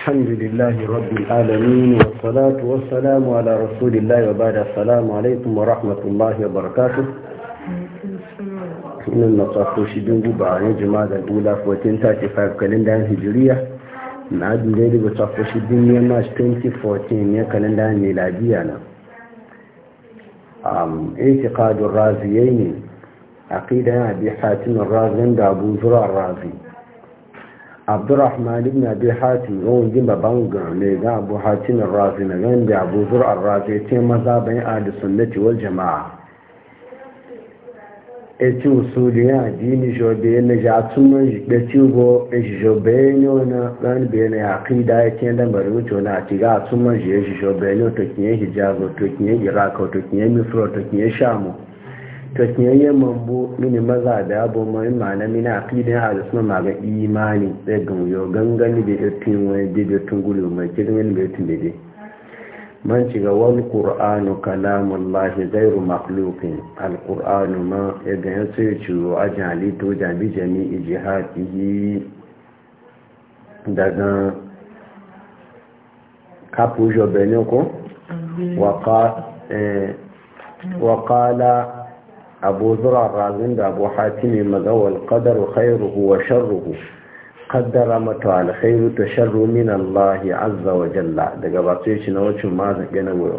الحمد لله رب العالمين والصلاة والسلام على رسول الله وبعد السلام عليكم ورحمة الله وبركاته إن النصاف شدين قبع عن جماعة الأولى فايف كالندا هجرية نعد ليلة بصاف شدين يماش 2014 يا كالندا أم اعتقاد الرازيين عقيدة أبي حاتم الرازي عند أبو زرع الرازي abdurrahman ibn abi hatim yawan jin baban gane ga abu hatim na gan da abu zur ce maza bayan ahli sunnati wal jama'a e usuli ya addini jobe na ja da ci go e jobe ne ona gan be ne aqida e na ti ga shamu to kiyayyen mambo mini maza da yabo mai ma'ana mini aqidin ahlus sunna suna maga imani sai ga yo gangani da irtin wani da irtin mai kirin wani da irtin man ci ga wal qur'anu kalamullah ghairu makhluqin al qur'anu ma ya ga ya sai ci yo ajali to jami jami'i jihatihi daga kapu jo benoko wa qala أبو ذرع رازند أبو حاتم مدوى القدر خيره وشره قدر متى الخير تشر من الله عز وجل دقباتيش نوش ما ذكي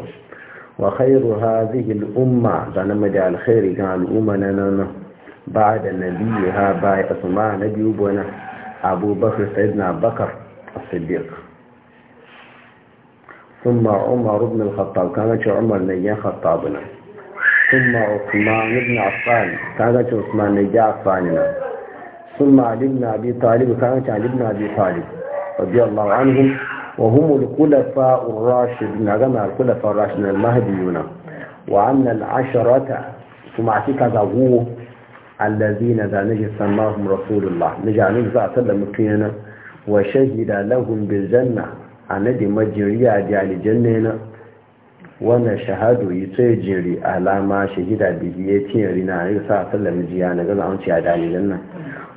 وخير هذه الأمة ذا نمجع الخير كان الأمة نانانا بعد نبيها باي أسماء نبي أبونا أبو بكر سيدنا بكر الصديق ثم عمر بن الخطاب كانت عمر نيا خطابنا ثم عثمان بن عفان كان عثمان نجا عفاننا ثم علي بن أبي طالب كان علي بن أبي طالب رضي الله عنهم وهم الخلفاء الراشدين أجمع الخلفاء الراشدين المهديون وعن العشرة ثم أعطيك هو الذين ذا نجي سماهم رسول الله نجي عن نجزع سلم وشهد لهم بالجنة عن نجي مجرية جعل الجنة wannan shahadu yi sai jiri alama shahida bihi ya ce rina yi sa sallar jiya na gaza an ce dalilin nan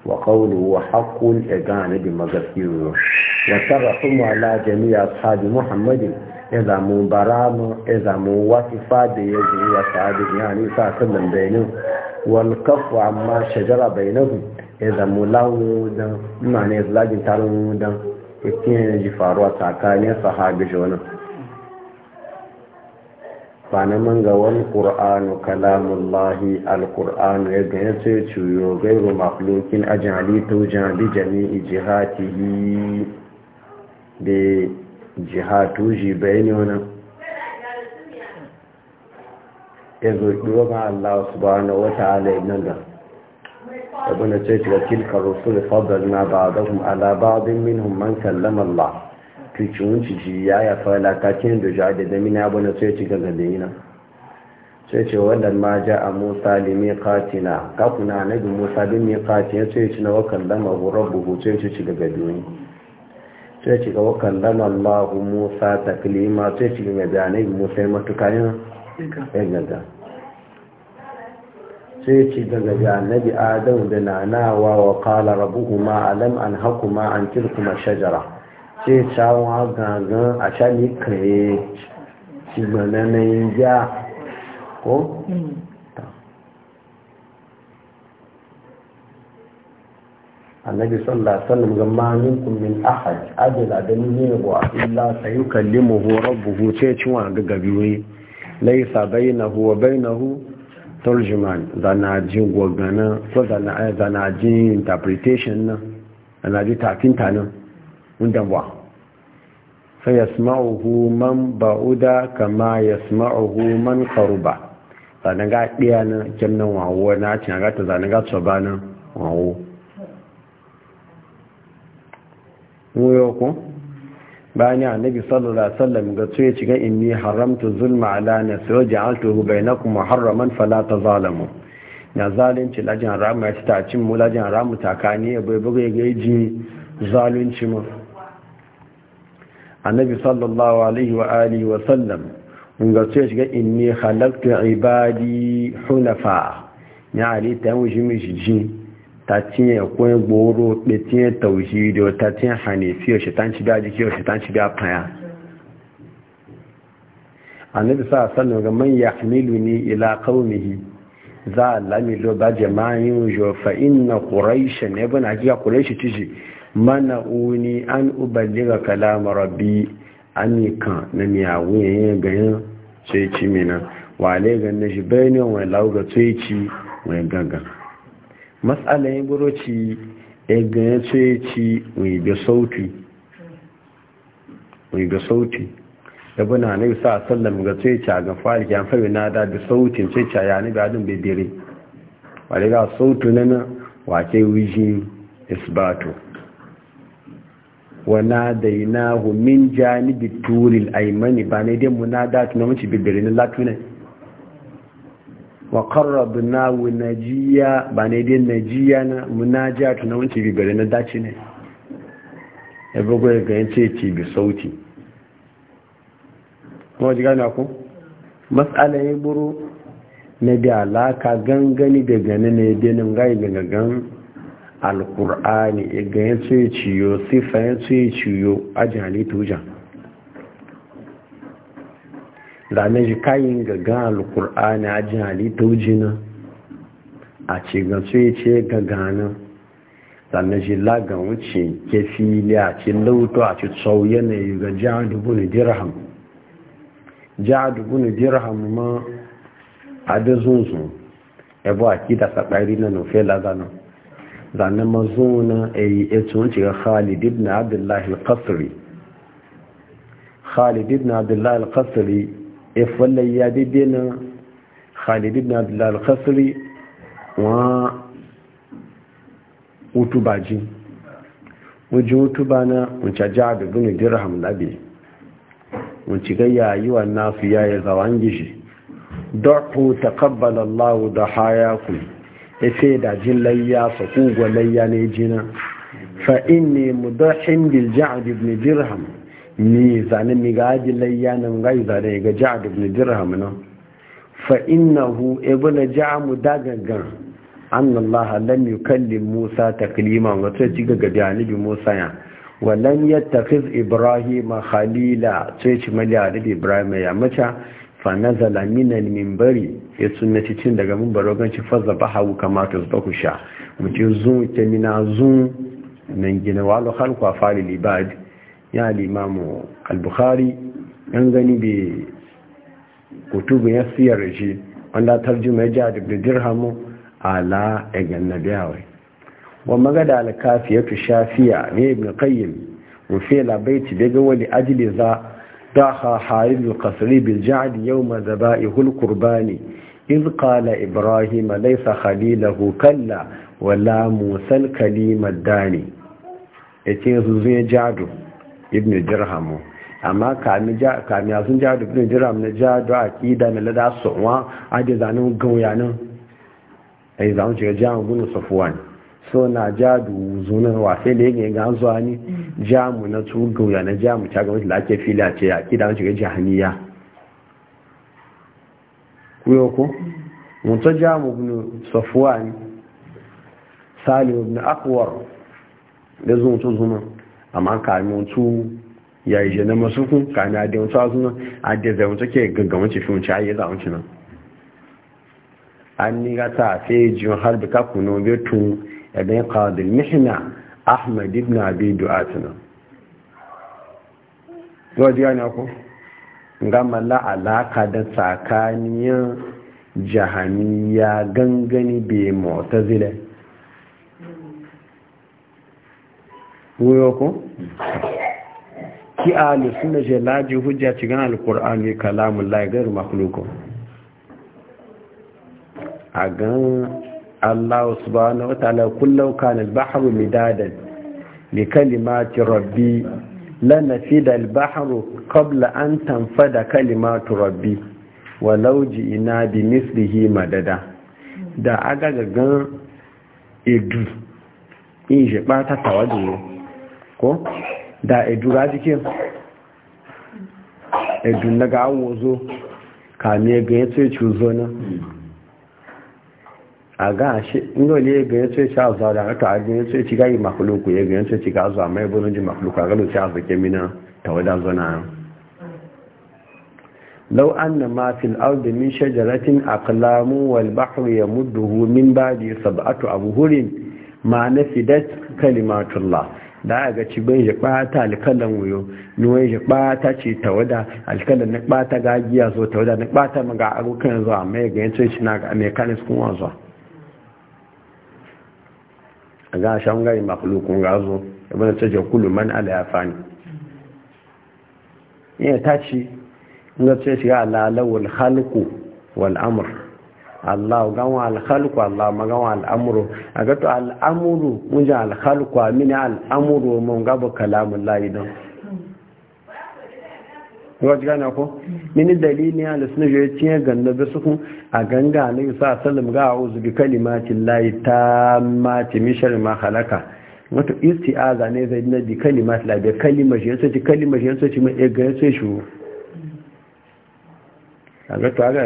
wa qawlu wa haqqul gane bi magafiru wa tarafu ala jami'a ashabi muhammadin idza mu baramu idza mu wasifa da ya ji ya sahabi ya ne sa sallar bayanin wal kafu amma shajara bainahum idza mu lawu dan ma ne zalajin tarun dan yake ji faruwa tsakanin sahabi jonan fana man ga wani ƙur'anu kalamullahi alƙur'anu yadda ya ce ciyo gairu makulokin a jihalitu jihadi jami'i jihatihi da jihatu shi bayani wani ya zoɗi wani allah na wata ta'ala ibn da abin da ce cikin tilkar rusul fadar na ba da kuma ala ba man kallama allah tuci wunci shi ya ya fara latakin da ja da damina ya bane sai ci gaza da yina sai ce wannan ma ja a musa limi katina kakuna na bi musa limi katina sai ci na wakan lama wuro buhu sai ci daga duniya sai ci ga wakan lama allahu musa kilima sai ci na bayanai musa ya matuka yin gaga sai ce daga ga annabi adam da nanawa wa kala kuma alam an ma an kirkuma shajara ṣe ṣàwọn gangan àṣálì kìrìyè ṣùgbọ́n nana ìyá kó annabi sallallahu alaihi wasallam ga ma ní min ahad adala da ni ne wa illa sayukallimuhu rabbuhu ce cinwa ga gabiwe laysa bainahu wa bainahu turjuman zana jin gwagana ko zana zana interpretation na zana tafinta nan ndabwa fa yasma'uhu man ba'uda kama yasma'uhu man qaruba sanan ga diya na kennan wawo na cin ga ta zanan ga tsoba na wawo yo ko bani annabi sallallahu alaihi wasallam ga tsoye ci ga inni haramtu zulma ala nafsi wa ja'altuhu bainakum muharraman fala tazalamu na zalunci lajin haramu ya ci cin mu lajin haramu takani ya bai bugai gaji zalunci mu annabi sallallahu alaihi wa alihi wa sallam ga ce shiga inni khalaqtu ibadi hunafa ya halitta yawon shi mi shi ta ko en gboro da cinye do ta cinye hanifi o shetan ci biya jiki o shetan ci biya faya annabi sa sallam ga man yahmiluni ila qaumihi za a lamilo ba jama'in jo fa inna quraish ne bana kiga quraish tiji Mana uni an uballiga kalama rabbi an na na miyawu yayin ganyen sai ci mina wale gan na shi bayani wani lauga sai ci wani gaga matsala yin buroci ya e ganyen sai ci wani ga sauti wani ga sauti da buna na yi sa sallam ga sai ci a ga fari kyan fari na da da sautin sai ci a yana ga adin bebere wale ga sautu na na wace wijin isbato wana da yana min janibi turil aimani ba ne dai munada tuna mace bidirin latuna wa qarrabna wa najiya ba ne dai najiya na mun tuna mace bidirin dace ne ya bugu ya ga yace ci bi sauti ko ji gana ku mas'ala ya buru na da alaka gangani da ganin ne nan gai gangan alkur'ani ga ya tsoye ciyo sifa ya tsaye ciyo ajin halittu wujan ranar ji kayin gaga alkur'ani ajin halittu wujina a ce ga tsoye ce gaganin ranar ji lagan wuce ke fili a ce lauto a ce tsau yanayi ga jihar dubu ne dirham jihar dubu ne dirham ma a da zunzun ebe a kita sakari na nufe lazanin zanen mazuna a yi etun cikin khalid ibn abdullahi al-qasri khalid ibn abdullahi al-qasri ya falle ya dide na khalid ibn abdullahi al-qasri wa utuba ji wajen utuba na wunce jihar da gini dirham labe wunce ga yayi wa nasu yayi zawon gishi da'u taqabbala Allahu da hayakum ife da jin layya fa layya ne jina fa inni mudahin bil ja'd ibn dirham ni zane mi ga jin layya nan ga da ga ja'd ibn dirham nan fa innahu ibn ja'mu dagagan anna allah lam yukallim musa taklima wato ji ga janibi musa ya lam yattakhiz ibrahima khalila sai ci mali ibrahim ya mace fa nazala minal minbari ya sunna cin daga minbaro ganci fazza bahawu kamar ta zuba ku sha mutum zun ta mina zun nan gina walo halkwa fari libad ya limamu al yan gani bi kutubu ya siyar shi wanda tarjuma ya ja da dirhamu ala egan biyawai wa magada ya fi shafiya ne ibn qayyim wa fi daga wani ajili za طه حارب القصري بالجعد يوم ذبائه القربان إذ قال إبراهيم ليس خليله كلا ولا موسى الكليم الداني يتين سوزين جعد ابن درهم amma kami a sun jihar dubin jiram na jihar da akida na lada su'uwa a da zanen gauyanin a yi zanen shiga jihar gudun safuwa so na ja du wasai wafe da yake ga zuwa ni jamu na ya na jamu ta gwamnati da ake fila ce ya kida wani shiga jahaniya kuyo ko mutu jamu ibn safwan salim ibn akwar da zuwa mutu zuwa amma ka mun mutu ya yi jana masu kun ka a da mutu a zunan a da zai mutu ke gaggamin ci fi mutu a yi za mutu nan an ni gata sai jin harbi kakunan bai tun ابن قاضي المحنة أحمد ابن أبي دعاتنا zuwa ji gani ako gama la'alaka da tsakaniyar jahaniya gangani bai mota zile wuyo ki alu suna jelaji hujja cikin alkur'ani kalamun lagar makulukun a gan Allah subhanahu wa ta'ala kullau kana al-bahru midadan li kalimati rabbi lanafida al-bahru qabla an tanfada kalimatu rabbi walau ji'ina bi mislihi madada da aga gagan edu in je bata tawadu ko da edu radikin edu na ga awozo kame ga yato ya a ga shi inda ne ga yace shi azza da aka a ga yace shi ga makuluku ya ga yace shi ga azza mai bunin ji makuluku a galo shi azza ke mina tawada lau an na ma fil ardi min shajaratin kalamu wal bahru mudduhu min ba'di sab'atu hurin ma na nafidat kalimatullah da ga ci bai ya bata alkalan wuyo ni wai ya bata ce tawada alkalan na bata gagiya ta tawada na bata maga arukan zuwa mai ga yace shi na ga mai kuma zuwa a ga shan gari makulukun gazo e abin da take kulu man ala ya fani yin ta ce inda ce shiga alalawar halku wal'amur allahu ganwa alhalku Allah maganwa al'amuru a gato al'amuru wujen alhalku a mini al'amuru mun gaba kalamun layi don wajen gane ko mini dalili ya da suna jere cinye ganda da suku a ganga na yi sa salim ga a uzu bi kalimatin layi ta mace mishar ma halaka wata isti a zane zai dina bi kalimat layi da kalimar shi yansu ci kalimar shi yansu ci mai egayar sai shi a ga tuwa ga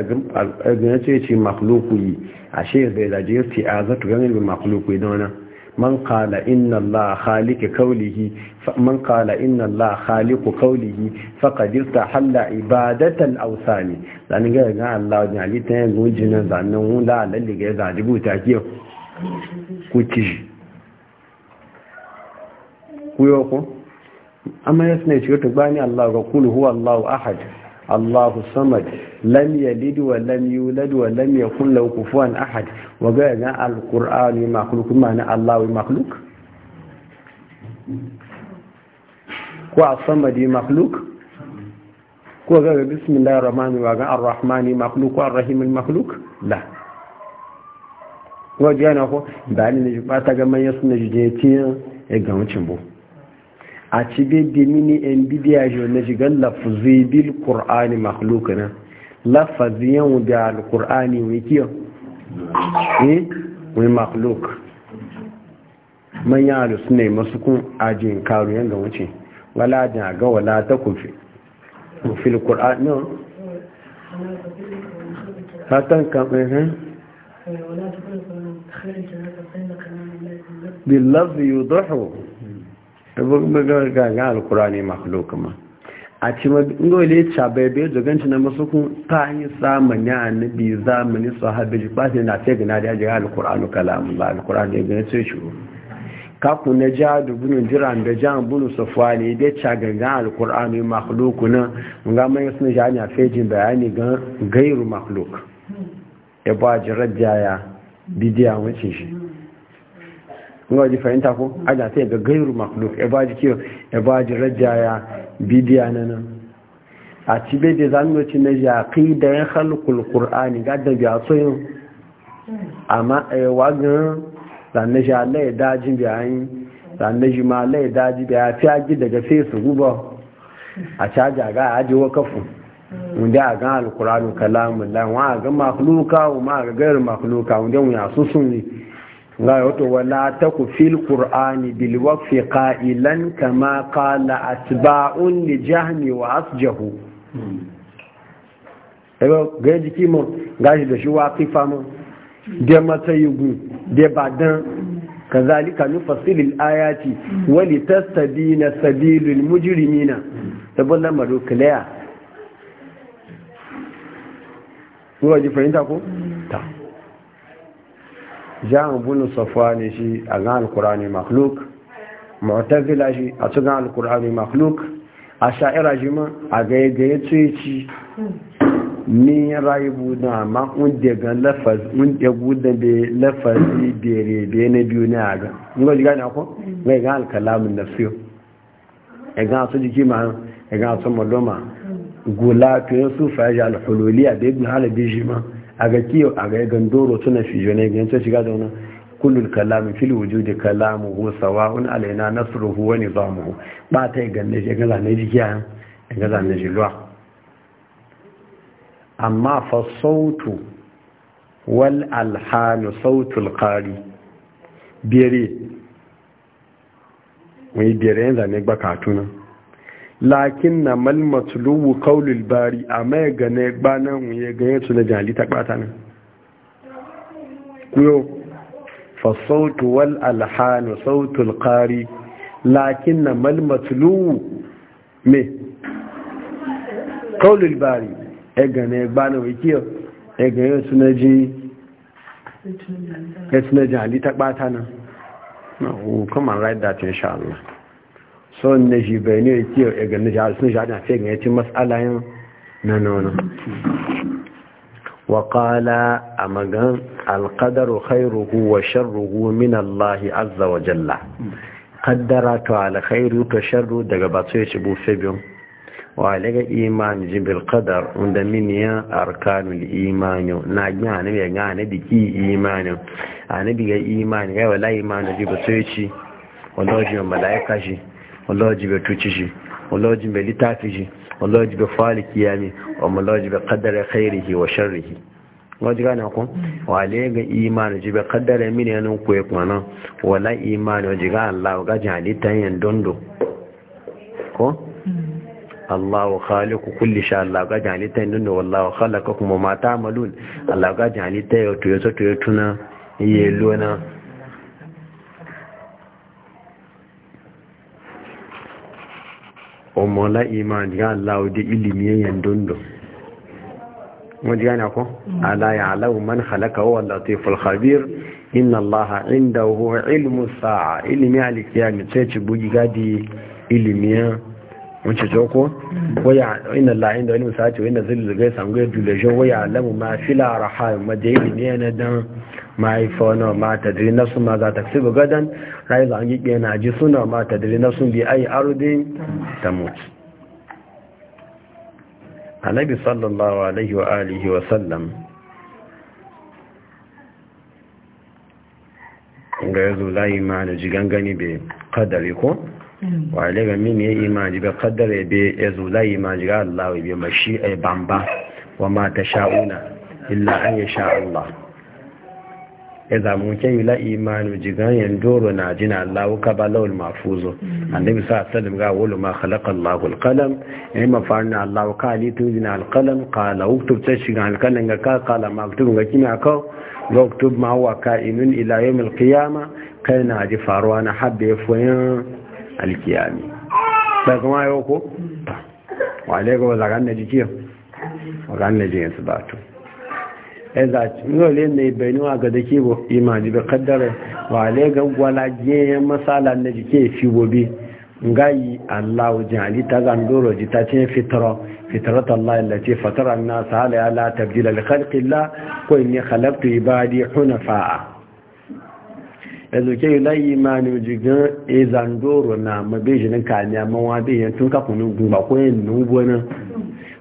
egayar sai ci makhluku yi a shi zai zaje isti a zato ganin bi makhluku yi da wannan man qala inna Allah khaliqu qawlihi man qala inna Allah khaliqu qawlihi Allah ya li ta go jinan nan la lalle ga za dubu ta kiyo ku ci ku yo ko bani Allah ga kul huwa Allah ahad Allahu samad lam yalid wa lam yulad wa lam yakul lahu kufuwan ahad wa ga ga alqur'ani makhluq ma'ana Allahu makhluq ko as-samadi makhluq ko ga ga bismillahir rahmanir rahim ga ar-rahmani makhluq wa ar-rahim makhluq la ko ga na ko ba ni ne ba ta ga man yasu ne je tiyan e ga wucin bo a ci bebe mini yan bidiya shi wanda shigar lafazi bil ƙur'ani makhluka na lafazi yan da al-ƙur'ani mai kiyo eh wani makhluka manya alusu ne masu kun ajin karu yadda wuce wala da ga wala ta kufi fil ƙur'ani no hatan kamar hin lafazi yudahu ga alkurani makhluk ma a ci ngole cha bebe jogan ci na kun ta yi samani annabi zamani sahabi ji ba na sai gina da jira alkurani kalamun ba alkurani ya gina ce shuru kaku na ja da bunun jiran da jan bunun safwani da cha gangan alkurani makhluk na nga mai suna ja ni a fejin bayani ga gairu makhluk e ya ba jirar jaya bidiya wancin shi kuma ji fahimta ko aja ta yaga gairu makhluk e ba ji kiyo e ba ji rajaya bidiya nan a ci be da zan ci na ya da ya halukul ƙur'ani ga da biya so yin amma e wa ga zan na ja daji biya yi zan na ji ma lai daji biya fiya ji daga sai su guba a a ga ajiyewa kafu wanda a ga alqur'anu kalamullah wa gan makhluka wa ma ga gairu makhluka wanda mu ya susun la wato wala taku fil qur'ani bil waqfi qailan kama qala atba'un li jahmi wa asjahu ebe ga jiki mu gashi da shi waqifa mu da matayugu da badan kazalika nufassilu al-ayati wa litastabina sabilul mujrimina sabon lamarin clear Ruwa ji fahimta ko? Ta. jami'in bunu safuwa ne shi a gan alkurani makhluk mu'tazila shi a su gan alkurani makhluk a sha'ira shi ma a gaigaye tsoyici ni rayu buda ma unde ga lafaz unde buda be lafazi bere be na biyu na ga ngo diga na ko ga ga al kalamun e ga so jiki ma e ga so maloma gula su ibn A ga kiyo yagan gandoro tuna fijone gance shiga da wannan kullul kalami fil wujudi kalamuhu sawa'un alaina nasruhu wa nizamuhu ba ta ganne shi gaza ne jiya gaza ne jilwa amma fa sautu wal alhan sautul qari bere wai bere yanzu ne gba katuna lakin na malmatulubu kaulul bari a mai gane banan wuye ganye su na jali ta ɓata nan kuyo fasautu wal alhanu sautul kari lakin na malmatulubu me kaulul bari e gane banan wuye kiyo e ganye su na ji ya na jali ta ɓata nan na hukumar right that inshallah son na shi bai ne kiyo ya gani sun shaɗi a fiye yacin matsala yin na nono waƙala a magan alƙadaru khairuhu wa sharruhu min Allah azza wa jalla kaddara to alkhairu to sharru daga ba ya ci bufe biyun wa alaga imani jin bil qadar unda min ya arkanul imani na gane ya gane biki imani anabi ga imani ga wala imani ji ba sai ci wanda wajen malaika shi wallahi bai tuci shi wallahi bai litafi shi wallahi bai fali kiyami wallahi bai qaddara khairihi wa sharrihi wajen gane ku wale ga imani ji bai kaddara mini yanin kuwa kwanan wala imani wajen ga Allah ga halittar yin dondo ko Allah wa khaliku kulli sha Allah yin dondo wallah wa kuma mata malul Allah ga halittar yau to ya iye lona ọmọ láìmán ya Allah da ilimi yayin dondo wọ́n gane ko ala ya alau man halaka wa latiful khabir inna allaha indahu ilmu sa'a ilimi alkiyami sai ci bugi gadi ilimi mun ci joko waya inna allaha indahu ilmu sa'a wa inna zillu gai sam gai dule jo waya alamu ma fila raham ma da ilimi na dan ma ifona ma tadri nasu? ma za ta kasibu gadan rai zan yi na ji suna ma tadri nafsu bi ai ardin ta mutu sallallahu alaihi wa alihi wa sallam ga yazo la imani ji gangani be kadare ko mm. wa ilaga min ya imani be kadare be yazo la imani ga Allah be mashi ay eh, bamba wa ma tasha'una illa an yasha Allah iza ke yi la'imanu jigayen doro na jina Allah ka ba lawul mafuzo mm. annabi sa sallam ga wulu ma khalaqa Allah alqalam ma e mafarna Allah ka li tu jina alqalam qala uktub ta shiga alqalam ga ka qala uktub ga kina ka ga uktub ma ka inun ila yawm alqiyama kai na ji faruwa na habbe foyan alqiyami ba kuma mm. yau ko wa alaikum wa zaganna jikiyo wa ganna jiyan su batu ẹza yole ne benu a ga dake bo imani be kaddara wa le ga gwala je masala ne jike fi bobi ngayi Allah ali ta zandoro ji ta ce fitra fitrat Allah allati fatara an-nas ala la tabdila li khalqi Allah ko inni khalaqtu ibadi hunafa yanzu yi layi imani jigan e zandoro na mabeji nan kanya mawa be yan tun kafin gun ko yin nubo nan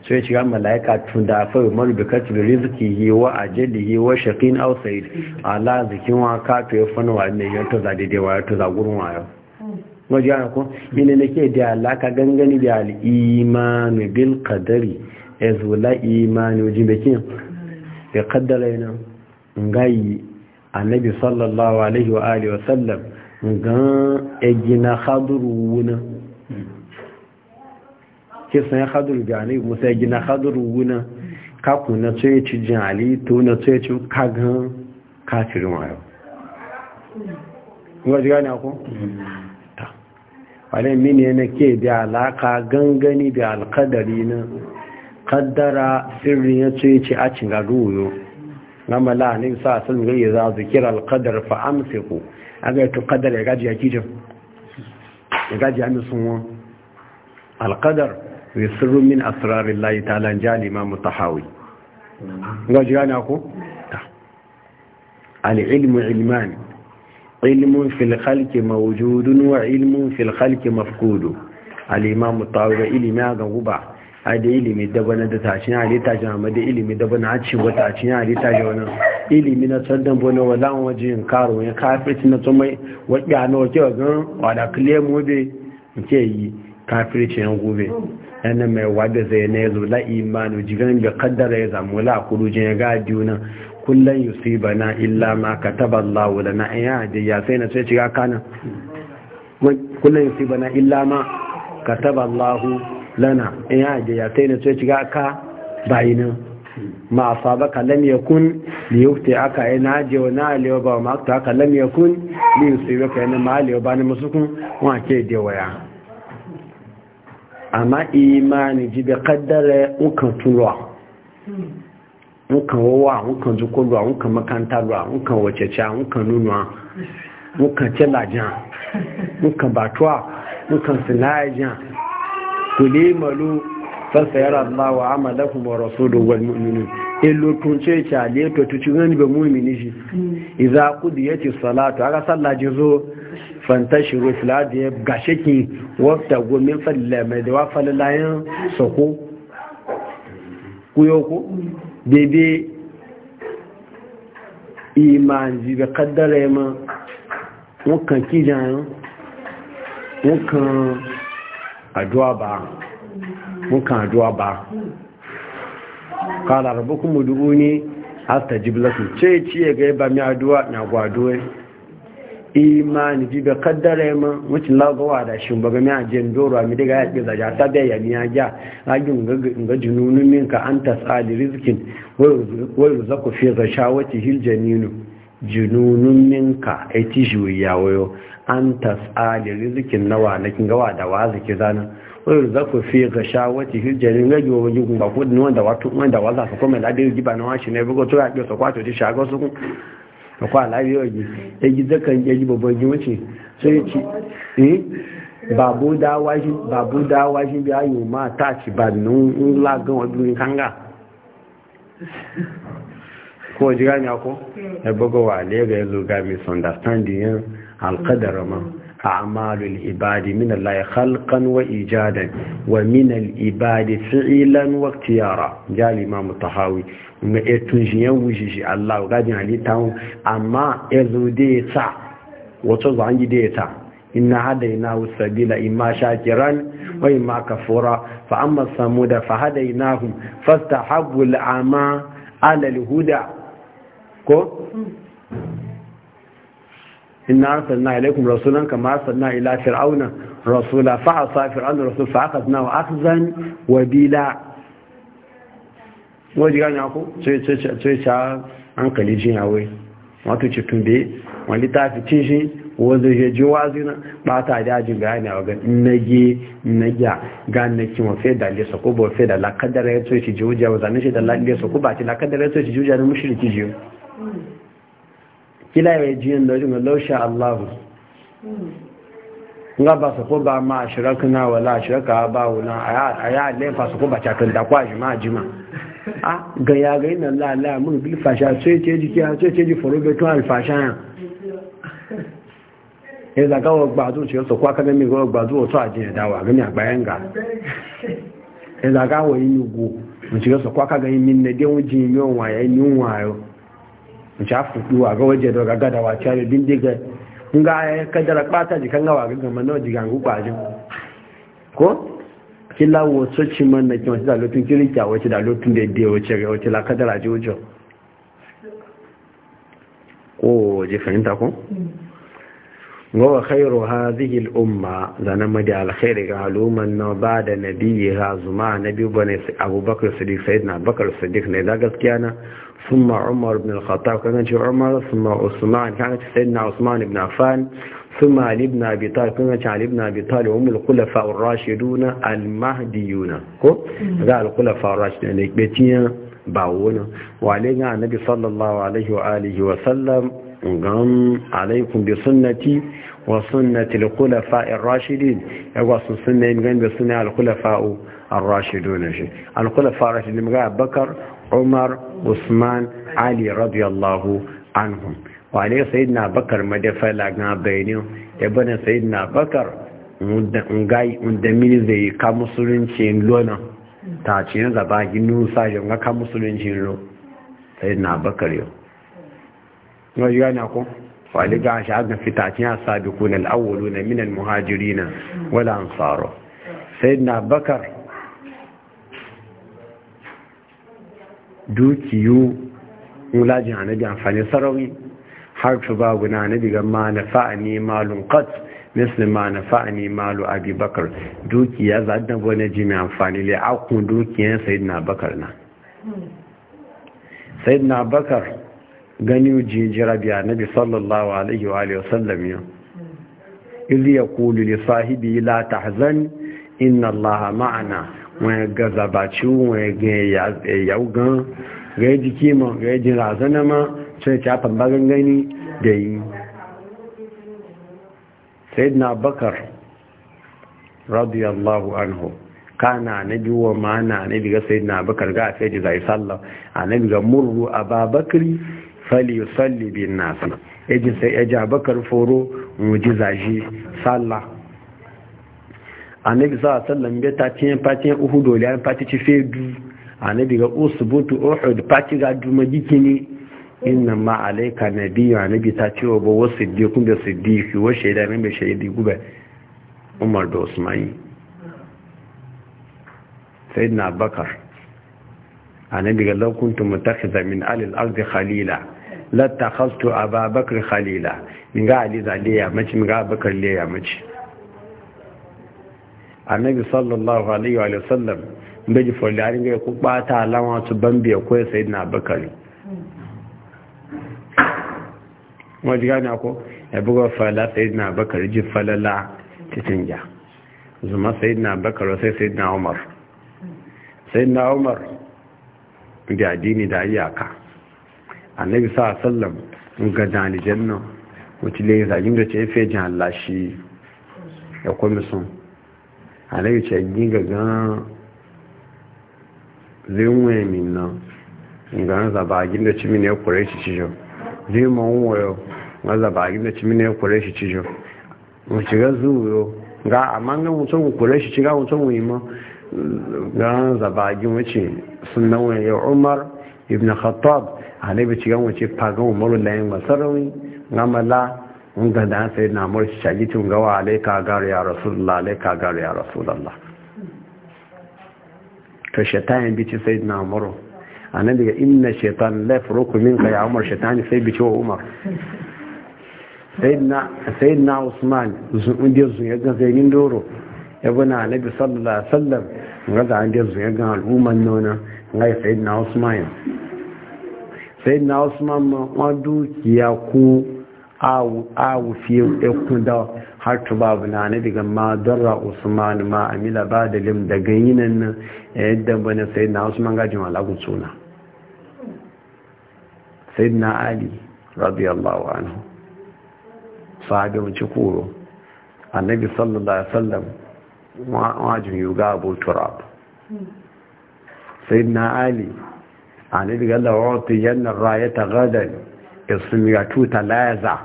sai shiga mala'ika tun da fa umaru bi katbi rizqihi wa ajalihi wa shaqin aw sa'id ala zikin wa ka to fana wa ne ya to zade de wa to zagurun wa ya no ji ana ko ina ke da alaka gangani da al-iman bil qadari azula iman waji kin ya qaddara ina ngai annabi sallallahu alaihi wa alihi wa sallam ngan egina khadru wuna ke san haduru gani, musa gina haduru wuna kaku na tsoye ci jali to na tsoye ci kagan kafirin wayo ga ji gane ta wale mini yana ke da alaka gangani da alkadari na kaddara sirrin ya tsoye ci a cin garuyo na mala ne sa sun ga ya su zikir alkadar fa amsiku aga to kaddara ya gaji ya kijin ya gaji ya misun alkadar sirrun min asrarin layi ta'ala ja mutu hawi ga jira na ku? al'ilmu ilmani ilmun filhalki mawujudun wa ilmun filhalki mafkudu mutu hawi ga ilimi a ganguba a da ilimi dabana da tashin halitta shi amma da ilimi dabana a cewa tashin halitta shi wani ilimi na sandan bane wala waje yin karo ya kafirci na tsumai wadda na wake wa wada kile mobe nke yi kafirci yan gobe yana mai wada zai na ya zula imanu jigan ga kaddara ya zamu la kurujin ya ga duna kullun na illa ma kataba Allah na ya da ya sai na sai ciga kana kullun na illa ma taba Allah lana ya da ya sai na sai shiga ka bayina ma asabaka lam yakun li yufti aka ina je wa na aliyo ba ma aka lam yakun li yusibaka ina ma aliyo ba ne musukun wa ke de waya àmá ìmáàni jíbẹ̀ kádàrẹ nǹkan tún lọ nǹkan wọ́wọ́ nǹkan zukọ́ lọ nǹkan makanta lọ nǹkan wọ̀cẹ̀cẹ̀ nǹkan nínú nǹkan tẹ́làjá nǹkan bàtúwà nǹkan sinayajá kò lè mọ̀lú fasayara Allah wa amalakum wa rasuluhu wal mu'minun illo tun ce ce a leto tuci gani ba mu'mini shi idza qudiyati salatu aka sallaje zo fantashiru da ya gashe ki wata gomin falila mai da wafala layan sako kuyoko bebe imanji da kaddara ya ma wukan kijan wukan aduwa ba wukan aduwa ba kala rabu kuma dubu ne hasta jibilatu ce ciye ga yaba mi aduwa na gwaduwa imani bi be kaddare ma wucin lagowa da shi ba ga mi ajen doro mi daga yaƙi zaja ta da ya mi aja ragin ga jinunin minka an tasali rizkin wai ku fiye ga shawati hil janinu jinunin minka a ti ya wayo an tasali rizkin nawa na kin gawa da wazi ke zana wai ku fiye ga shawati hil janinu ga gowa wajen ba ko wanda wato wanda waza ko mai da dai giba na washi ne bugo to ya ke so kwato ti shago su akwai alayi oge ya ji zakan ya ji babban yiwuce sai ya ce eh babu dawa shi biya yi ma ta ci ba da nun lagan wadurin kanga ko jira ne ako ya buga wa lega ya ga misunderstanding alkadar ma أعمال العباد من الله خلقا وإيجادا ومن العباد فعلا واختيارا جاء الإمام الطحاوي etunjiyan wujiji Allah gadin halittan amma ezo dai ta wato zan yi dai ta inna hadainahu sabila imma shakiran wa imma kafura fa amma samuda fa hadainahum fastahabbu al'ama ala al-huda ko إنا أرسلنا إليكم رسولا كما أرسلنا إلى فرعون رسولا فعصى فرعون رسول فأخذناه أخذا وبلا sai hankali jin wato wani cin shi wanda ya ji wazi na ba ta dajin gani a ga nage nagya gani ki mafi da lesa ko ba da lakadar ya tsoci jiwuja wa shi da ko ba lakadar ya tsoci jiwuja na jiwu kila ya ji da jin lausha Allah nga ba su ko ba ma shiraka na wala shiraka ba wala a ya le fa ko ba chakan da kwa jima a ga ya ga ina la la mun fasha sai ce ji a sai ce ji foro be kan ya e da ga gba du so kwa ka mi go gba du o to ajin ga agba ga e da wo mun ga ne de won shafi duwa ga waje daga gadawa cari bindiga nga ya kadara kpata jikan gawa ga gama na jigan gugu ajin ko kila wasu ci man na kima da lotun kirkiya wace da lotun da yadda wace ga wace la kadara ji ko je fahimta ko mm. wa khairu hadhihi al-umma zana madi al-khair ga aluman na ba da nabiyyi ha zuma nabi bane Bakr siddiq sayyidina Bakr siddiq ne da gaskiya na summa umar ibn al-khattab kana ce umar summa usman kana ce sayyidina usman ibn affan summa ali ibn abi talib kana ce ali ibn abi talib hum al-khulafa ar-rashidun al-mahdiyun ko ga al-khulafa ar-rashidun ne be tiyan bawo na wa alayhi annabi sallallahu alaihi wa alihi wa sallam ngam alaikum bi sunnati wa sunnati al-khulafa'i ar-rashidin yawa sun sunna ngam bi sunna al-khulafa'u ar-rashidun shi al-khulafa'u ar-rashidin ga Abubakar Umar Usman Ali radiyallahu anhum wa ne sayyidina Bakar la ga bayani ya bana sayyidina Bakar ngai unda mini zai ka musulunci lona ta ce na zaba ginu sa ga ka musulunci lona sayyidina Bakar yau na yi gane ko faliga shi aga fitakin ya sabi kunan awolo na minan muhajiri na wala ansaro sai na bakar dukiyu mulajin anabi amfani sarauni har tuba guna anabi ga ma na fa'ani malun qat misli ma na fa'ani malu abi bakar dukiya za ta gwane ji mai amfani le akun dukiyan sayidina bakar na sayidina bakar gani uji jirabiya nabi sallallahu alaihi wa alihi wasallam yau ili ya kulu li sahibi la tahzan inna Allah ma'ana wani gazabaci wani ga yaugan ga yi jiki ma ga yi jirazana ma sai ta fambarin gani da yi sayyidina bakar radiyallahu anhu kana nabi wa mana nabi ga sayyidina bakar ga sai ji zai sallah annabi ga murru ababakri fali yusalli bin nas ejin sai eja bakar foro mujiza shi sallah annabi sallallahu alaihi wasallam bai ta cin fatin uhud ya fati ci fedu annabi ga usbutu uhud fati ga duma gikini inna ma alayka nabiyyu annabi ta ce wa wasiddiqun da siddiqi wa shaidanin da shaidi gube umar da usmani sayyidina bakar annabi ga lakuntum kuntum mutakhidha min alil ardi khalila lattakhastu ababakar khalila min ga ali zale ya mace min ga abakar le ya mace annabi sallallahu alaihi wa sallam da ji fulani ga ku bata alama su bambe ko sayyidina abakar wajen gani ako ya buga fala sayyidina abakar ji falala titin ja zuma sayyidina abakar sai sayyidina umar sayyidina umar da addini da iyaka annabi sa sallam ga dani janna wuce le zagin da ce fe jan Allah ya komi sun annabi ce gi ga gan zinwe min nan ga zabagin da cimin min ya kure shi cijo jo zimon wayo ga zabagin da cimin min ya kure shi cijo jo ga shiga zuwo ga amma ga mutum kure shi ci ga mutum yi ma ga zabagin wuce sunan wayo Umar ibn Khattab anabi cigan wace fagan umaru layin masarawi ngamala nga da sai na mur shagitin gawa alaika gar ya rasulullah alaika gar ya rasulullah to shaitan bi ci sai na mur anabi ga inna shaitan la yafruku minka ya umar shaitan sai bi ci wa umar sayyidina sayyidina usman zuun da zuun ya ga zainin doro ya bana anabi sallallahu alaihi wasallam ga da an da zuun ya ga al'umman nona ngai sayyidina usman sai na usman ma wọn dukiya ko awu fiye ɗaukun da har babu na ne daga ma darra usman ma amila ba da lim da ganyinan nan eh, yadda bane sai na usman gajin alagun suna sai na ali radiyallahu anhu sahabi wance koro annabi sallallahu alaihi wasallam wajin yuga abu turab sai na ali a ne daga lawarta yannan raya ta gadar ismiyatu ta laza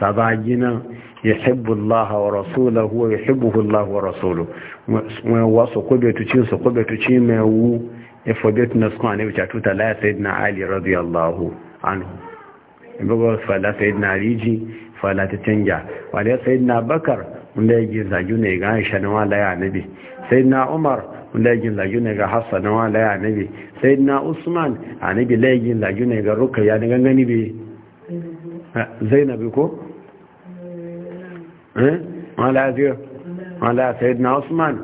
ta baginan ya hibbu Allah wa rasula ya hibbu Allah wa rasulu mai wasu kubetuci su kubetuci mai wu ya fabetu na suna ne bicatu ta laza sai na ali radiyallahu anhu bugu fala sai na riji fala ta canja wale sai na bakar wanda ya giza ne ga aisha na wala ya nabi sai na umar wanda ya giza ne ga hassan na wala ya nabi sai na usman a nabi laigin laju ne ga ruka ya ni gangani bi zainabi ko? eh? eh wala zira wala sai na usman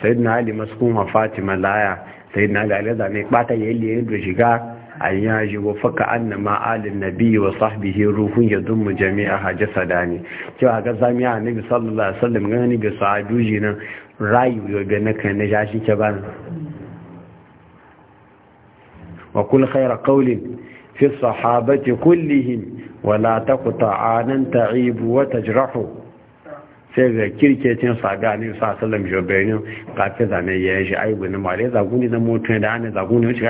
sai na ali kuma fatima laya sai na lalaza ne bata ya yi da shiga a yaji wa faka na ma'alin biyu wa sahbihi ruhun ya dummu jami'a hajjasa da ne cewa ga zamiya nabi sallallahu alaihi wasallam gani bi sa'adu jinan راي ويوجنك نجاشي كبان وكل خير قول في الصحابة كلهم ولا تقطع عانا تعيب وتجرحوا تذكر كيتين صاداني صلى الله عليه وسلم قد تزعنا يأشي أي بنا مالي ذاقوني نمو تنداني ذاقوني وش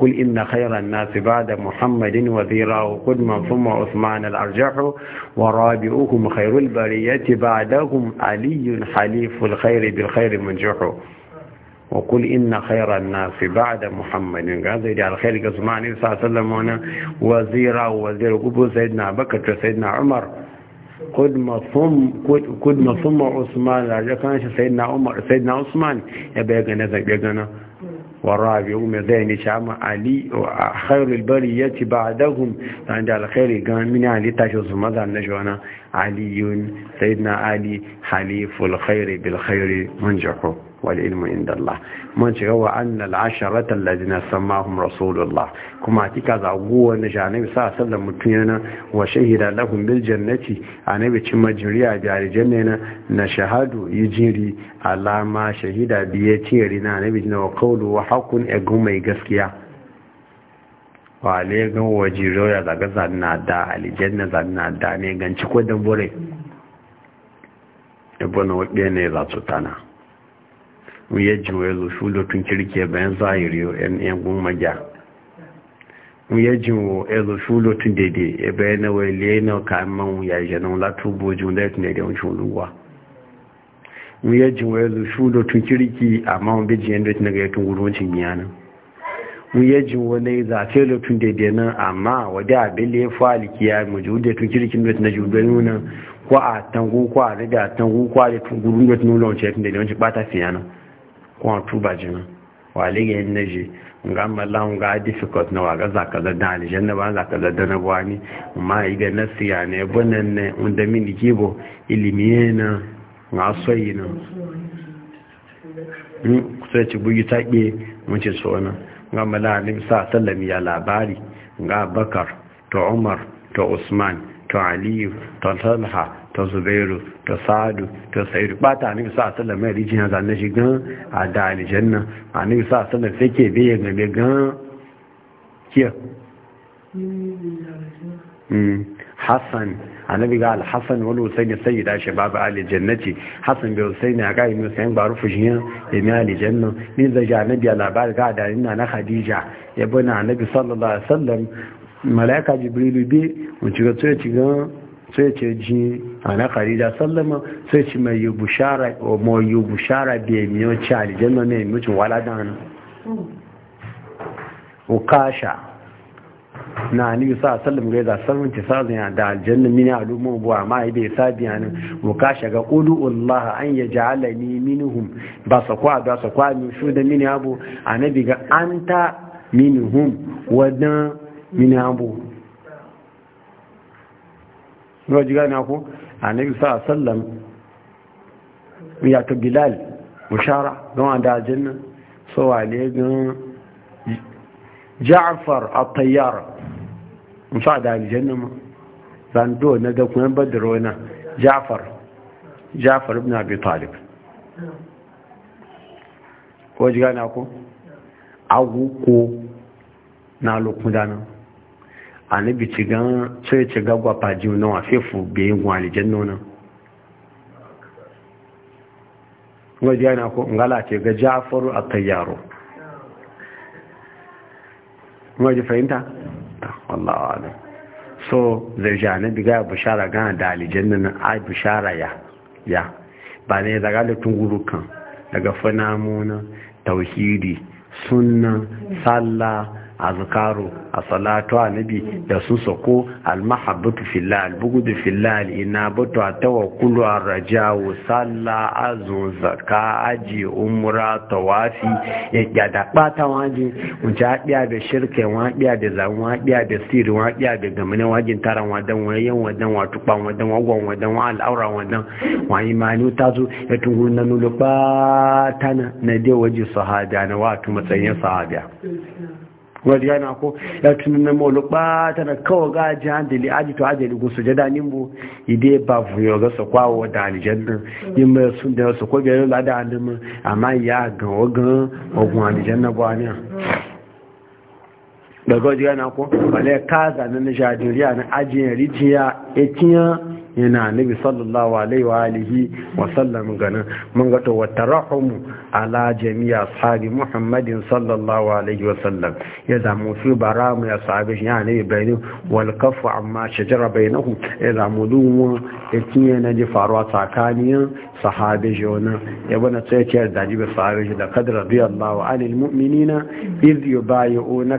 قل إن خير الناس بعد محمد وذيراه قدما ثم عثمان الأرجح ورابعهم خير البرية بعدهم علي حليف الخير بالخير منجح وقل إن خير الناس بعد محمد قال زيد الخير كزمان صلى الله عليه وسلم وزيرا وزير قبو سيدنا بكر سيدنا عمر kudma summa usman laje kan shi sai na usman ya bai gane zaɓe gana warabi umar zai ne sha ma ali a bari ya ci ba dagun da an da alkhairi gan mini ali tashi su maza na shi wani aliyun sai na ali halifu alkhairi bilkhairi manjako والعلم عند الله من جوا أن العشرة الذين سماهم رسول الله كما تيكا زعقوا نجاني صلى الله عليه وسلم متنينا وشهد لهم بالجنة أنا بيتم جريا جاري جنة نشهد يجري على ما شهد بيتيرنا نبي بيتنا وقول وحق أقوم يقسكيا wale gan wajiro ya zaga zanna da alijanna zanna da ne ganci ko dan bore ibn wabe ne za su tana uyeji wezo shulo tunkirike ben zahiri yo en en gun maja uyeji wo ezo shulo tun dede e ben we le no ka ya je no la tu boju le tun dede un chuluwa uyeji wo ezo shulo tunkiriki amma on beji en tun ga tun gurun cin biyana uyeji wo ne za ce lo dede amma wada abele faliki ya mujude tun na judan nuna ko a tangu ko a riga tangu ko a tun gurun da tun lon tun dede ci kwan tuba jinin wa liga yin naji nga mala nga difficult na waga zakaza da alijan na ba zakaza da dana, bwani ma yi ga na siya ne bonan ne unda mini kibo ilimi na nga yi na kusa hmm, ci ta taɓe mun so na nga mala alim sa sallam ya labari nga bakar to umar to usman to aliyu to talha ta zubairu ta sa'adu ta sa'iru ba ta annabi sa sallam mai rijiyar zane shi gan a da aljanna annabi sa sallam sai ke biya gabe gan kiya hmm. hassan annabi ga alhassan wani husain ya sayi alijan na ce hassan bai husain ya ga yin husain ba rufu shiyan ya alijan aljanna ni da ja biya labari ga da ina na khadija ya na annabi sallallahu alaihi wasallam malaika jibrilu bi mun ci ga tsoye ci gan sai ce ji ana karida sallama sai ce mai yi bushara o mo yi bushara bi e miyo ci alijanna ne mi cin wala dan o kasha na ni sa sallama ga za sallama ci sa zan da aljanna min alumu bu amma ibe sabi an o kasha ga udu allah an yaj'alani minhum ba sa kwa ba sa kwa mi shu da min abu anabi ga anta minhum wadan min abu ruwaji gani ku a nabi sa sallam ya ka bilal mushara don a dajin nan sowa ne gan ja'far a tayyar musa da aljanna ma zando na dakunan kuma badiro na ja'far ja'far ibn abi talib ko gani gane ku aguko na nan Ani ci gan sai ci gagwa fajiyu na wafe fu biyin gwa alijan nonon wajen yana ko ngala ce ga jafaru a tayyaro wajen fahimta? wallawa ne so zai ja bi ga bishara gana da alijan na a bishara ya ya ba ne daga litin kan, daga fanamuna tauhidi sunna sallah azkaru as-salatu nabi da su sako al-mahabbatu fillah al-bughdu fillah al-inabatu at-tawakkulu ar-raja'u salla azu zakka aji umra tawafi ya da pata waje mun ja biya da shirke wa biya da zan wa biya da sirri wa biya da gamana wajin taran wadan wayan wadan wa tuban wadan wagon wadan wa al-aura wadan wa imani ta zo ya tungunan nulu patana na dai waje sahaba na wato matsayin sahaba wadda yana ko ya tunan na mawalo na kawai gaji handali aji to aji rigo sujada ide ba ga su da alijannan yin mai sun da su kwabe yau lada alimin amma ya gan ogun ba daga yana ko wale kaza na nishadiriya na ajiyar rijiya yana nabi sallallahu alaihi wa alihi wa sallam ganin mun ga to watarahumu ala jami'a sahabi muhammadin sallallahu alaihi wa sallam ya zamu fi baramu ya sahabi ya ne bayani wal kafu amma shajara bainahu ya zamu dumu ya kiyaye na ji faruwa tsakanin sahabi jona ya bana tsayar da jibi sahabi da kadra radiyallahu alil mu'minina iz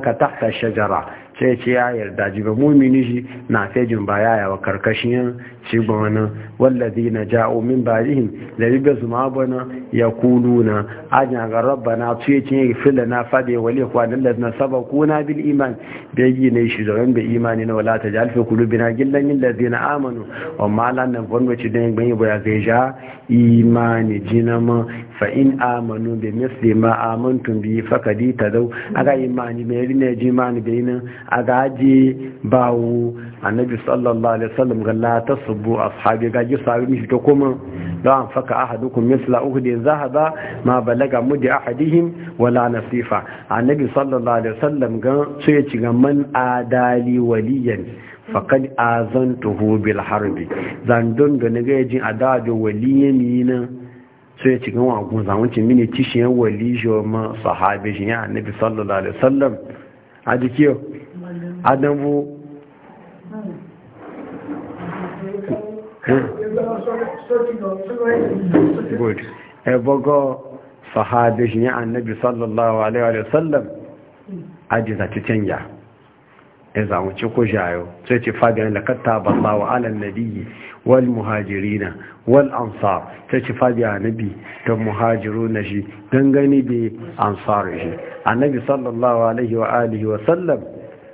ka tahta shajara sai ce ya yarda ji ba mumini shi na fejin ba ya yawa karkashin ci ba wani wallazi na ja'o min barihim da ribe su ma bana ya kulu na ajin ga rabba na tuye cin ya fila na fade wale kwanan da na saba kuna bil iman da yi ne shi zaren da imani na wala ta ji alfi kulu bina gillan yin lazi na amanu amma ma'ala nan gwamnati don yi bayan ba ya zai ja imani jinama fa in amanu bi misli ma amantum bi fakadi tadaw aga imani me rine ji imani be nan aga ji bawo annabi sallallahu alaihi wasallam ga la tasubbu ashabi ga ji sabi mi to kuma da an faka ahadukum misla uhdi zahaba ma balaga mudi ahadihim wala nasifa annabi sallallahu alaihi wasallam ga sai ci ga man adali waliyan faƙad azantuhu bil harbi zandon ga na gajin waliyan waliyami nan sai cikin wagun zamuncin mini tishiyan wali shi ma sahabi shi ya annabi sallallahu alaihi wasallam a jikiyo adamu good ebogo sahabi shi ya annabi sallallahu alaihi wasallam a jisa cikin ya zamu ci ku jayo sai ce fadiyan laqad wa ala nabiyyi wal muhajirina wal ansar sai ce fadiya nabi da na shi gani bi ansar shi annabi sallallahu alaihi wa alihi wa sallam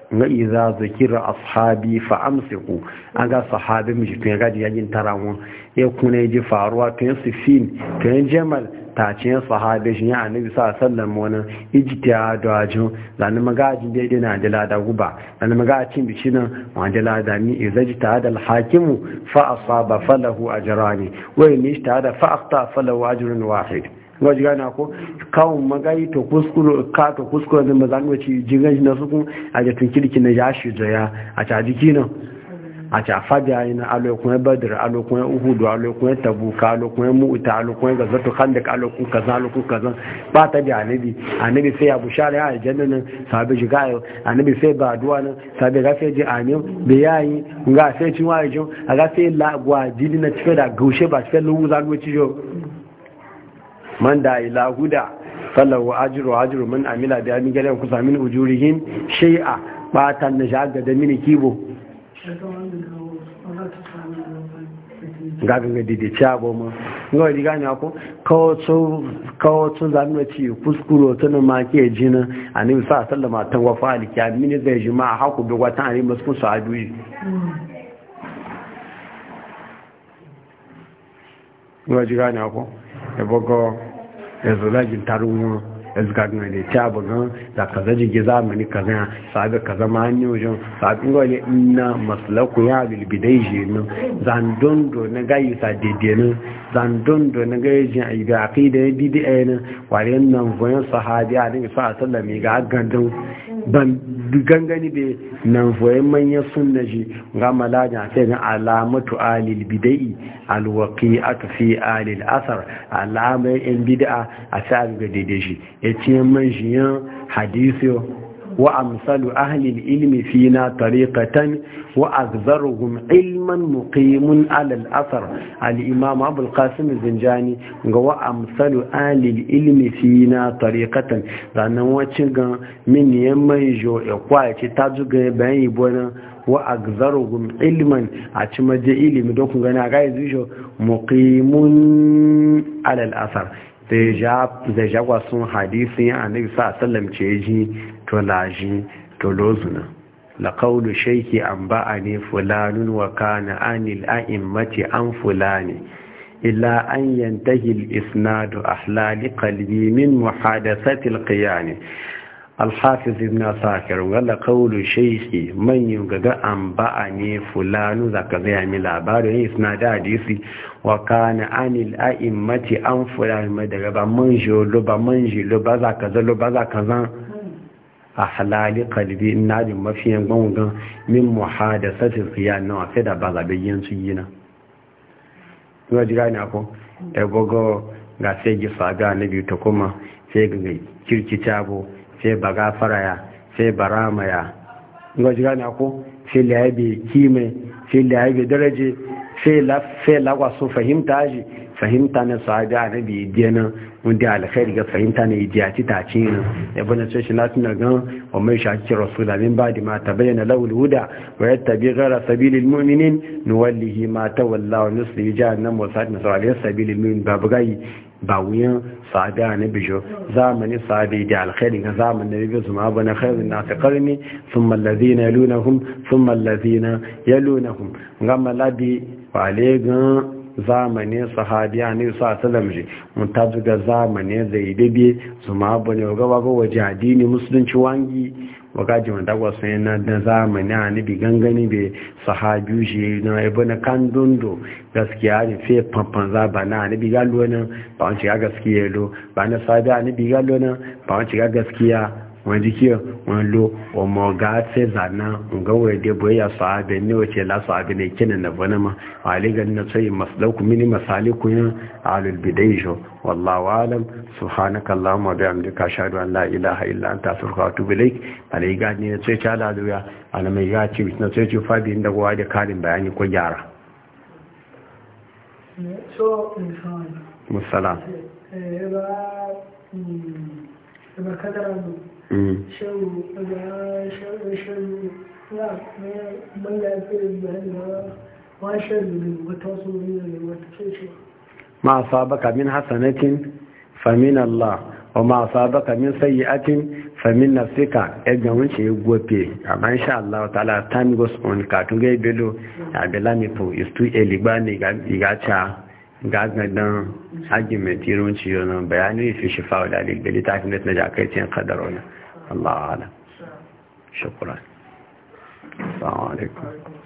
Na iza zikira ashabi fa amsiku an ga sahabi mu tun ga yajin tarawon ya kuna ji faruwa tun sifin tun jamal taciyar sahabe shi ya annabi sa sallan wani ijtiya da ajin zani magajin daidai na da lada guba zani magajin bici nan wa da lada ni izaji ta da alhakimu fa asaba falahu ajrani wa ni ta da fa aqta falahu ajrun wahid gwaji gana ko kawun magayi to kuskuro ka to kuskuro zan ba zan wuce jigan na suku a jatun kirki na yashi jaya a ta jiki nan a shafa da yayi na alokun badr alokun uhud alokun tabuk alokun mu'ta alokun gazatu khandak alokun kaza alokun kazan ba ta da annabi annabi sai abu shari a aljanna nan sahabi shiga annabi sai ba duwa nan sahabi ga sai ji amin da yayi ga sai cin wayo jo a ga sai la gwa jidi na cike da gaushe ba cike lu za lu ci jo man da ila huda falahu ajru ajru man amila bi amin galan ku sami ujurihin shay'a batan na shaga da mini kibo gagaga di cabo e ma ga di gani ko kawato e kawato e ci kuskuro to na make jina annabi sa sallama ta wafa alkiya min zai jima'a haku bi wata ne musu sahabi ga di izgagna da ta buga da kaza jige zamani kaza sabe kaza ma jin sabe gole maslaku ya bil je nan zandon dondo na gayi sa dede nan zandon na gayi jin a da aqida ya bidi a yanin wale nan goyon sahabi a nan sallami ga agandun ban gangani da nan foye manyan sunna shi ga malaja sai ga alamatu alil bidai alwaqi fi alil asar alamai yan bid'a a sai ga daidai shi ya ce man yan hadisiyo وأمثال أهل العلم فينا طريقة وأكثرهم علما مقيم على الأثر الإمام أبو القاسم الزنجاني وأمثال أهل العلم فينا طريقة لأنه وشيغا من جو إقوائي تاجوغا بأي بونا وأكثرهم علما أتما جئيلي مدوكو غانا غايز ويجو مقيم على الأثر da ja kwasun hadisin annabi sa sallam ce ji to laji to lozuna la qawlu shaykhi an ba'ani fulanun wa kana anil a'immati an fulani illa an yantahi al-isnadu ahlali qalbi min muhadasatil al-qiyani alhafiz ibn asakir wala qawlu shaykhi man yugaga an ba'ani fulanu ka zai mi labarin isna hadisi wa kana anil a'immati an fulani daga ba man jolo ba man jolo ba zalo ba zaka zan a halali kalbi ina jin mafiyan gbangun min muhadasatin riya a wafe da bazabayyan su yi na yau jira ne ako ebogo ga sai gi saga na biyu ta kuma sai ga kirkita bo sai baga faraya sai baramaya yau jira ne ako sai layabe kime sai layabe daraje sai lagwa sun fahimta shi fahimta na na annabi idiya na wanda alkhairi ga fahimta na idiya ci ta ci nan ibn shi latin na gan wa mai shaki rasula min ba di mata bayyana lawul huda wa tabi gara sabilin mu'minin nuwallihi ma tawalla wa nuslihi jahannam wa sa'at nasraliyya sabilil mu'min babu gai ba wuyan a na jo zamani sahabi da alkhairi ga zamani nabi zuma ba na khairin na ta qarni thumma alladhina yalunahum thumma alladhina yalunahum gama labi wa alegan zamanin sahabiya ne su a ji mun ta zuga zai zaidabe su ma abu ne ga wago waje addini musulunci wangi waga ji wanda wasu yi na zamani a nibi bi gangani bai sahabi shi na kan dundu gaskiya ne fe pampan za ba na nibi bi gallo nan ba wani shiga gaskiya lo ba na sahabiya a bi gallo nan ba wani shiga gaskiya wọ́n di kí wọ́n lo ọmọ ọ̀gá tẹ́ zànà ǹgá wọ́n dé yà sọ ní ọ̀kẹ́ lásọ abẹ ní kí nìna náà wà lè na tsayi masalauku mini masaliku yin alulbida iṣo wallahu alam subhanaka allahumma bi amdika da karin bayani ko gyara la. Eh, eh, eba, hmm, Mm. shan kuma shan shan ya ban lafiyar bayan na washen da ma min hasanatin famin Allah wa ma sabaka min sayyi'atin famin nafsika time goes on kàtún gẹ́ ìbẹ̀lò àbẹ̀lámipò is too early gbá ní ìgácha gagadan argument irun ci na bayani fi shifa wa dalil da littafin da na jakai cin kadarona الله أعلم شكرا السلام عليكم